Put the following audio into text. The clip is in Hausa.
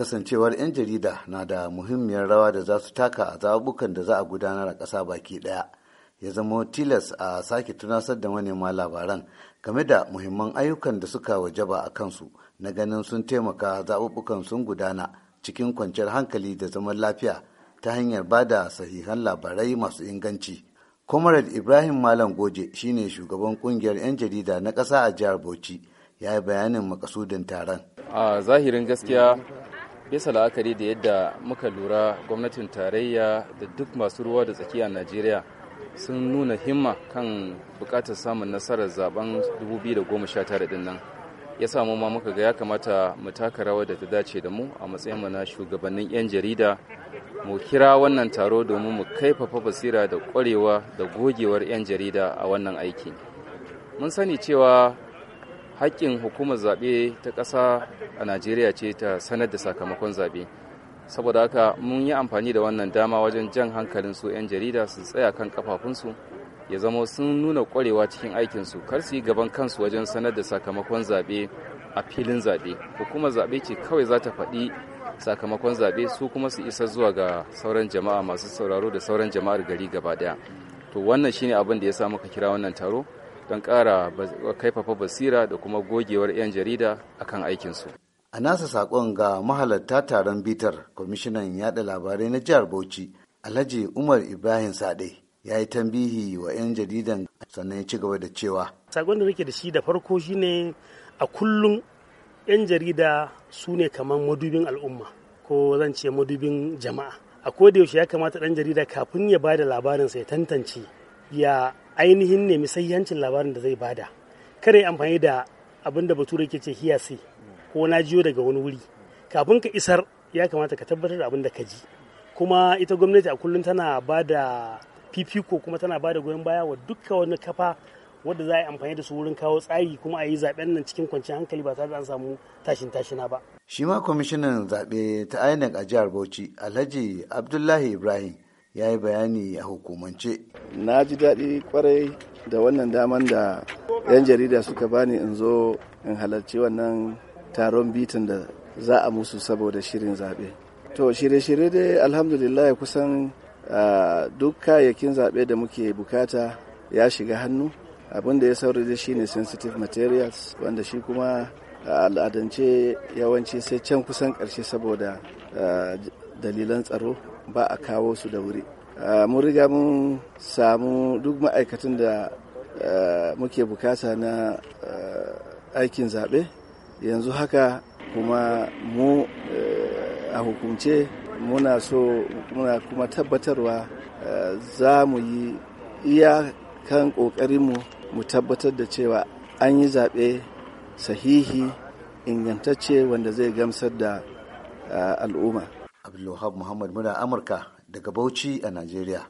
kasancewar 'yan jarida na da muhimmiyar rawa da za su taka a zaɓukan da za a gudanar a ƙasa baki ɗaya ya zama tilas a sake tunasar da manema labaran game da muhimman ayyukan da suka wajaba a kansu na ganin sun taimaka zaɓuɓɓukan sun gudana cikin kwanciyar hankali da zaman lafiya ta hanyar ba da sahihan labarai masu inganci. Comrade Ibrahim Malam Goje shine shugaban kungiyar 'yan jarida na ƙasa a jihar Bauchi ya yi bayanin makasudin taron. A zahirin gaskiya bisa la'akari da yadda muka lura gwamnatin tarayya da duk masu ruwa da tsakiya najeriya sun nuna himma kan bukatar samun nasarar zaben 2019 din nan ya samu ma muka ga ya kamata mu taka rawar da ta dace da mu a matsayinmu na shugabannin 'yan jarida mu kira wannan taro domin mu kaifafa basira da kwarewa da gogewar 'yan jarida a wannan aiki mun sani cewa hakkin hukumar zaɓe ta ƙasa a najeriya ce ta sanar da sakamakon zaɓe saboda haka mun yi amfani da wannan dama wajen jan hankalin su 'yan jarida su tsaya kan kafafunsu ya zama sun nuna kwarewa cikin aikinsu kar su yi gaban kansu wajen sanar da sakamakon zaɓe a filin zaɓe hukumar zaɓe ce kawai za ta faɗi sakamakon zaɓe su kuma su isa zuwa ga sauran jama'a masu sauraro da sauran jama'ar gari gaba ɗaya to wannan shine abin da ya sa muka kira wannan taro don kara kaifafa basira da kuma gogewar 'yan jarida a kan aikinsu. A nasa saƙon ga mahalarta taron bitar kwamishinan yaɗa labarai na jihar Bauchi Alhaji Umar Ibrahim Sade ya yi tambihi wa 'yan jaridan sannan ya ci gaba da cewa. Saƙon da nake da shi da farko shi ne a kullum 'yan jarida su ne kamar madubin al'umma ko zan ce madubin jama'a. A koda yaushe ya kamata ɗan jarida kafin ya ba da labarinsa ya tantance ya ainihin nemi sahihancin labarin da zai bada kare amfani da abin da bature ke ce hiyasi ko na jiyo daga wani wuri kafin ka isar ya kamata ka tabbatar da abin da ka ji kuma ita gwamnati a kullum tana ba da fifiko kuma tana ba da goyon baya wa dukkan wani kafa wadda za a yi amfani da su wurin kawo tsari kuma a yi zaben nan cikin kwanciyar hankali ba tare da an samu tashin tashina ba. Shi ma kwamishinan zaɓe ta INEC a jihar Bauchi Alhaji Abdullahi Ibrahim ya yi bayani a hukumance. Na ji daɗi kwarai da wannan daman da 'yan jarida suka bani in zo in halarci wannan taron bitin da za a musu saboda shirin zaɓe. To shirye-shirye dai alhamdulillah kusan duk kayayyakin zaɓe da muke bukata ya shiga hannu. Abin da ya saurari ne sensitive materials wanda shi kuma al'adance yawanci sai can kusan ƙarshe saboda dalilan tsaro ba a kawo su da wuri ah, mun riga mun samu duk ma'aikatan da ah, muke bukata na ah, aikin zaɓe yanzu haka kuma mu eh, a hukunce muna so muna kuma tabbatarwa za mu yi iyakan ƙoƙarinmu mu tabbatar da cewa an yi zaɓe sahihi ingantacce wanda zai gamsar da al'umma Abdulwahab Muhammad muna Amurka daga Bauchi a Najeriya.